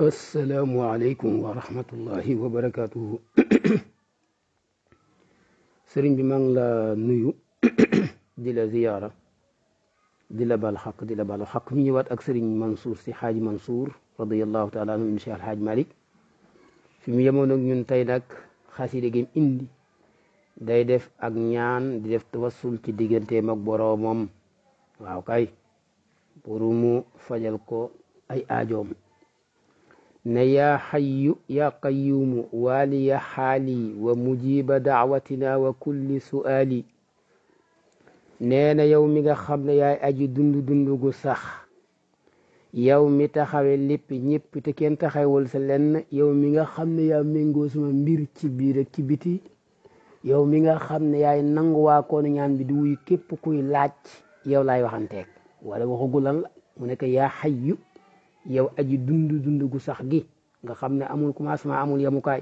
asalaamualeykum wa rahmatullahi wa barakaatuhu sëriñ bi maa la nuyu di la ziyaara di la baal xaq di la baal xaq ñu ñëwaat ak sëriñ Mansour si xaaj Mansour radiallahu taala anhu min cheikh alxaaj Malik fi mu yemoon ak ñun tey nag xasida gi indi day def ak ñaan di def tawassul ci digganteem ak boroomam waaw kay pour mu fajal ko ay aajoom ne yaa xayu yaa qayuumu waaliya xaali wa mujiba daawatina wa kulli su'aali nee na yow mi nga xam ne yaay aji dund dund gu sax yow mi taxawe lépp ñëpp te kenn taxawul sa lenn yow mi nga xam ne yaa méngoo sama mbir ci biir ak ci biti yow mi nga xam ne yaay nanguwaa koonu ñaan bi di wuy képp kuy laaj yow lay waxanteeg wala waxagulan la nekk yaa xayu yow aji dund dund gu sax gi nga xam ne amul commencement amul yemukaay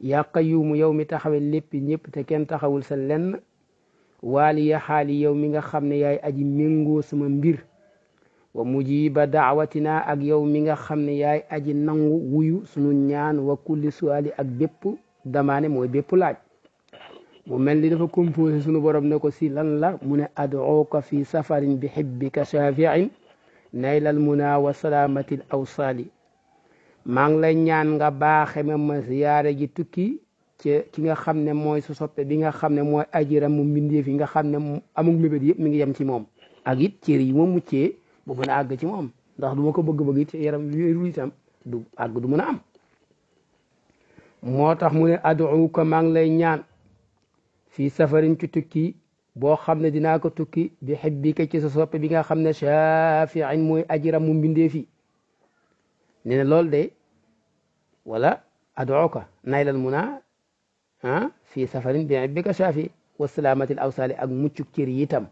yaa qayyuumu yow mi taxawee lépp ñëpp te kenn taxawul sa lenn waali ya xaali yow mi nga xam ne yaay aji méngoo sama mbir wa mujiba daawatina ak yow mi nga xam ne yaay aji nangu wuyu sunu ñaan wa kulli suwaali ak bépp damaane mooy bépp laaj mu mel ni dafa composé sunu borom ne ko si lan la mu ne adooka fi safarin bi xibbika shafiin naylal muna wa salaamatil awsaali maa ngi lay ñaan nga baaxe ma ma ziyaare ji tukki ci ki nga xam ne mooy su soppe bi nga xam ne mooy ajiram mu mbindeef fi nga xam ne amul mébét yëpp mi ngi yem ci moom ak it cër yi ma muccee bu mën a àgg ci moom ndax du ma ko bëgg-bëgg it yaram wéerul itam du àgg du mën a am moo tax mu ne aduuka maa ngi lay ñaan fii safarin ci tukki boo xam ne dinaa ko tukki bi xibbika ci sa soppe bi nga xam ne shafiin mooy ajiram mu mbindee fi ne ne loolu de wala adooka naylal muna ah fii safarin bi xibbika shafi wa salaamatil awsaali ak muccuk cër yi itam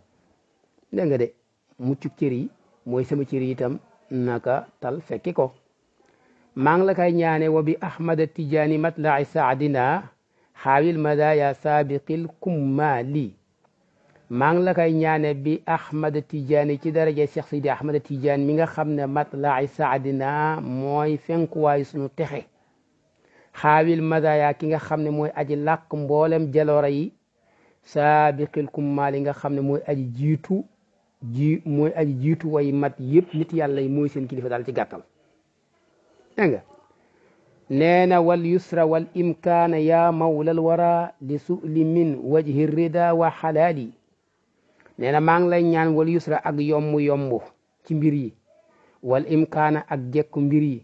dégg de muccuk cër yi mooy sama cër yi itam naka tal fekki ko maa ngi la kay ñaane wa bi ahmada tijaani matlaci saadina xaawil madaya saabiqil kummaali maa ngi la koy ñaane bi Ahmad Tidiane ci daraja Cheikh Sidi Ahmad Tidiane mi nga xam ne mat matlaai saadina mooy fenkuwaay suñu texe xaawil madaya ki nga xam ne mooy aji lakk mboolem jaloora yi saabiqil yi nga xam ne mooy aji jiitu ji jiitu way mat yëpp nit yàlla yi mooy seen kilifa daal ci gàttal wal yusra wal imkaana yaa mawlal wara li su'li min wajhi rida wa xalaali nee na maa ngi lay ñaan wal yusra ak yomb yomb ci mbir yi wal imkaana ak jekku mbir yi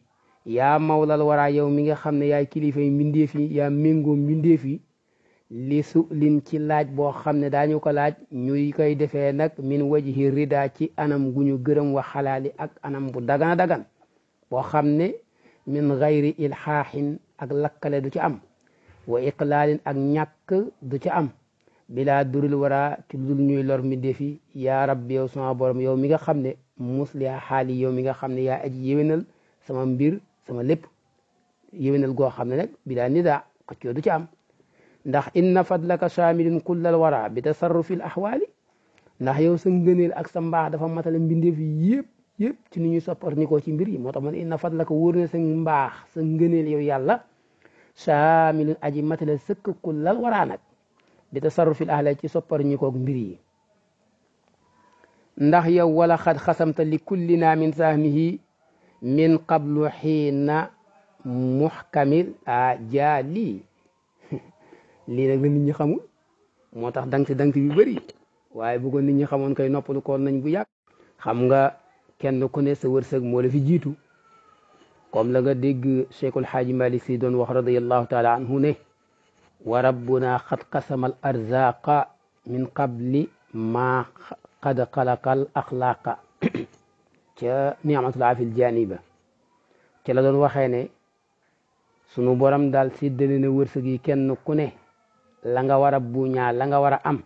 yaa mawlal waraa yow mi nga xam ne yaay kilifa yi mbindeef yi yaa méngoo mbindeef li su ci laaj boo xam ne daañu ko laaj ñuy koy defee nag min wajhi daa ci anam gu ñu gërëm wa xalaali ak anam bu dagana dagan boo xam ne min gayri ilxaaxin ak lakkale du ci am wa iqlaalin ak ñàkk du ci am bilaa duril wara ci dul ñuy lor mi defi yaa rabbi yow sama borom yow mi nga xam ne musliha xaali yow mi nga xam ne ya aji yéwénal sama mbir sama lépp yéwénal goo xam ne nag bilaa nida xëccoo du ci am ndax inna fadlaka shaamilin kullal wara bi tasarrufil axwaali ndax yow sa ngëneel ak sa mbaax dafa matale mbindeef yëpp yëpp ci ni ñuy sopparnikoo ci mbir yi moo tax man inna fadlaka wóor ne sa mbaax sa ngëneel yow yàlla shaamilin aji matale sëkk kullal wara bi tasarrufil ahla ci soppar ñi koog mbir yi ndax yow wala xad li kulli naa min sahmihi min qablu xiina muxkamil a jaali lii nag la nit ñi xamul moo tax dank dank bi bëri waaye buggoon ko nit ñi xamoon koy noppalu koon nañ bu yàgg xam nga kenn ku ne sa wërsëg moo la fi jiitu comme la nga dégg Cheikhul Xaaji Malik Si doon wax radiyallahu taala anhu ne wa rabbuna xad qasama al arzaqa min qabli ma qad xalaqal axlaqa ca niamatul afil ba ca la doon waxee ne sunu booram daal séddale na wërsëg yi kenn ku ne la nga war a buñaa la nga war a am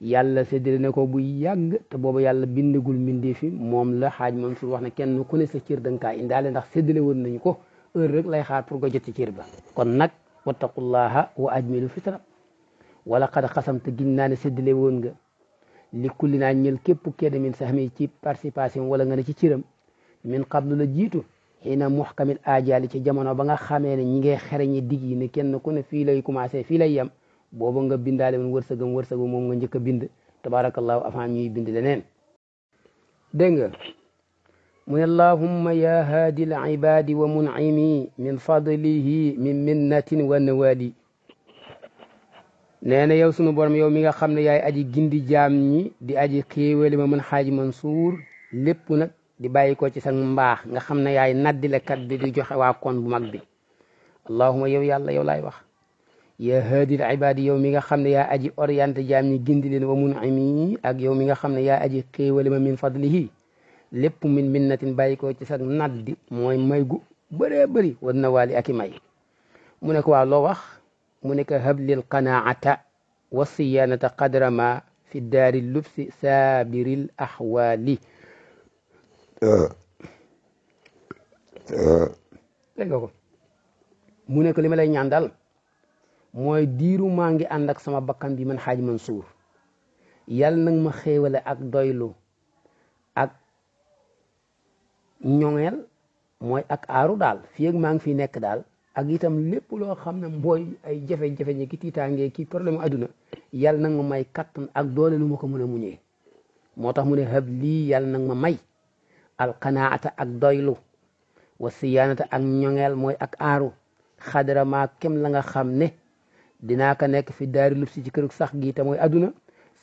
yàlla séddale na ko bu yàgg te boobu yàlla bindagul mbindee fi moom la xaaj moom su wax ne kenn ku ne sa cër da nga indaale ndax séddale woon nañu ko heure rek lay xaar pour nga jot ci ba kon nag wattaqullaha wa ajmilu fitna wala qad xasamte gin naa ne séddale woon nga li kulli naa ñël képp kenn min sahmi ci participation wala nga ne ci ciram min qablu la jiitu xina muxkamil ajaali ci jamono ba nga xamee ne ñi ngay xereñi dig yi ne kenn ku ne fii lay commencé fii lay yem booba nga bindaale woon wërsëgam wërsëgam moom nga njëkk a bind tabarakallahu avant ñuy bindi leneen nga muy allahumma ya haadi al ibaadi wa munimi min fadlihi min minnatin wa nawaali nee na yow sunu borom yow mi nga xam ne yaay aji gindi jaam ñi di aji xéewali ma mën xaaji Mansuur lépp nag di bàyyi ko ci sa mbaax nga xam ne yaay naddilekat bi di joxe waa kon bu mag bi allahumma yow yàlla yow laay wax ya haadi al ibaadi yow mi nga xam ne yaa aji orienté jaam ñi gindi leen wa munimi ak yow mi nga xam ne yaa aji xéewali ma min fadlihi lépp min minnatin bàyyi ko ci sag naddi mooy may gu bëree bëri na waali ak may mu ne ko waa loo wax mu ne ko hablil qanaata wa siyaanata qadrama fi daari lubsi saabiril axwaali dégg nga ko mu ne ko li ma mooy diiru maa ngi ànd ak sama bakkan bi man xaaj Mansuur yàlla nag ma xéewale ak doylu ñoŋeel mooy ak aaru daal fii ak maa ngi fi nekk daal ak itam lépp loo xam ne mbooy ay jafe-jafe ñi ki tiitaangee ki problème adduna yàlla na nga may kattan ak doole lu ma ko mën a muñee moo tax mu ne hab na ma may alqanaata ak doylu wa siyaanata ak ñoŋeel mooy ak aaru xadara maa kem la nga xam ne dina ko nekk fi daari lub si ci kërug sax gi te mooy adduna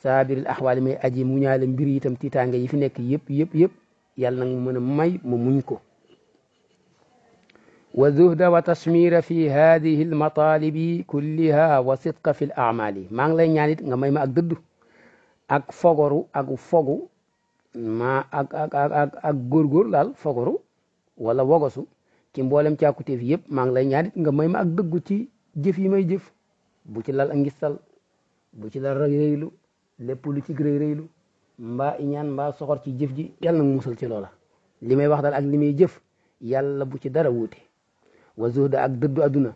saabiril axwaali may aji muñaale mbir itam tiitaange yi fi nekk yëpp yëpp yëpp yàlla nag mën a may mu muñ ko wa zuhda wa tasmira fi hadihi almatalibi kulliha wa sidqa fi l maa ngi lay ñaan nga may ma ak dëddu ak fogoru ak fogu ma ak ak ak ak góorgóor daal fogoru wala wogosu ci mboolem càkkutéef yëpp maa ngi lay ñaan nga may ma ak dëggu ci jëf yi may jëf bu ci lal ak bu ci lal rëy rëylu lépp lu ci rëy rëylu mbaa ñaan mbaa soxor ci jëf ji yàlla nag musal ci loola li may wax daal ak li may jëf yàlla bu ci dara wuute wa zuhda ak dëddu adduna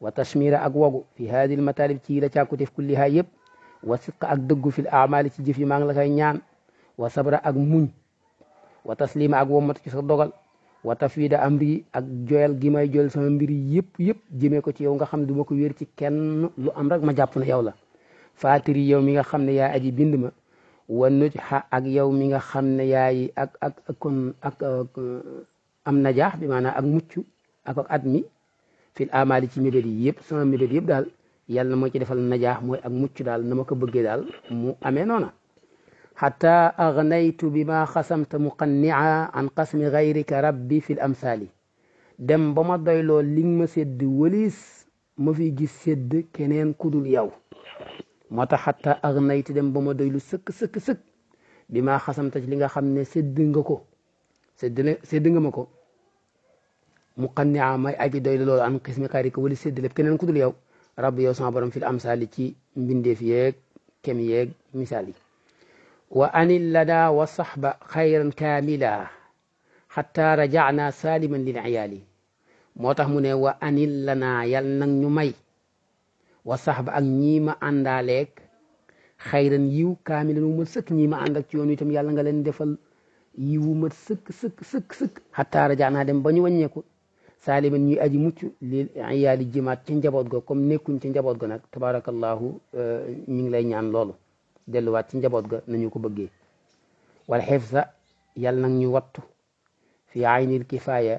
wa tashmira ak wagu fi haadi lmataalib ci la càkkuteef kullihaa yëpp wa sidqa ak dëggu fi aamaali ci jëf yi maa ngi la koy ñaan wa sabra ak muñ wa taslima ak wommat ci sa dogal wa am amri ak joyal gi may joyal sama mbir yëpp yëpp jëmee ko ci yow nga xam ne du ma ko wéer ci kenn lu am rek ma jàpp ne yow la faatiri yow ma wa nujha ak yow mi nga xam ne yaay ak ak kon ak euh, am najaax bi maana ak mucc ak ak at mi fil amali ci mébét yi yëpp sama mébét yëpp daal yàlla na moo ci defal najaax mooy ak mucc daal na ma ko bëggee daal mu amee noona xata agnaytu bi ma xasamta muqannia an qasmi gayrika rabbi fil amsali dem ba ma doyloo li nga ma sedd wëlis ma fi gis sedd keneen kudul yow moo tax xatta ak nayti dem ba ma doy sëkk sëkk sëkk bi ma xasamta ci li nga xam ne sédd nga ko sédd na nga ma ko mu xanni a may aji doy loolu an xismi kaari ko wala sédd lépp keneen ku dul yow rabbi yow sama borom fil amsaali ci mbindeef yeeg kem yeeg misaal yi wa anil lada wa saxba xayran kaamila xatta rajana saliman lil iyaali moo tax mu ne wa anil lana yal nag ñu may wa sax ba ak ñii ma àndaaleeg xayran yiw kaamilan wu mat sëkk ñii ma ànd ci yoon itam yàlla nga leen defal yiw wu mat sëkk sëkk sëkk sëkk xataa rajaanaa dem ba ñu wàññeeku saaliman ñuy aji mucc lil iyaali jimaat ci njaboot ga comme nekkuñ ci njaboot ga nag tabarakallahu euh, ñu ngi lay ñaan loolu delluwaat ci njaboot ga nañu ko bëggee wal xifsa yàlla nag ñu wattu fi aynil kifaaya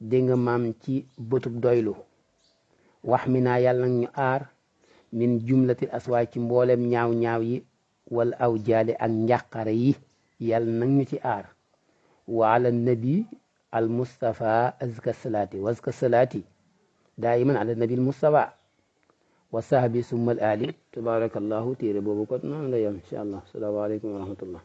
dégg nga maam ci bëtub doylu wax mi naa yàlla nag ñu aar min jumlatil aswaay ci mboolem ñaaw ñaaw yi wala aw jaale ak njàqare yi yàlla nag ñu ci aar wa ala nabi al mustafa azka salaati wa azka salaati daayiman ala nabi al mustafa wa sahbi summa al ali tabarakallahu téere boobu kot noonu la yam incha allah salaamaaleykum wa rahmatullah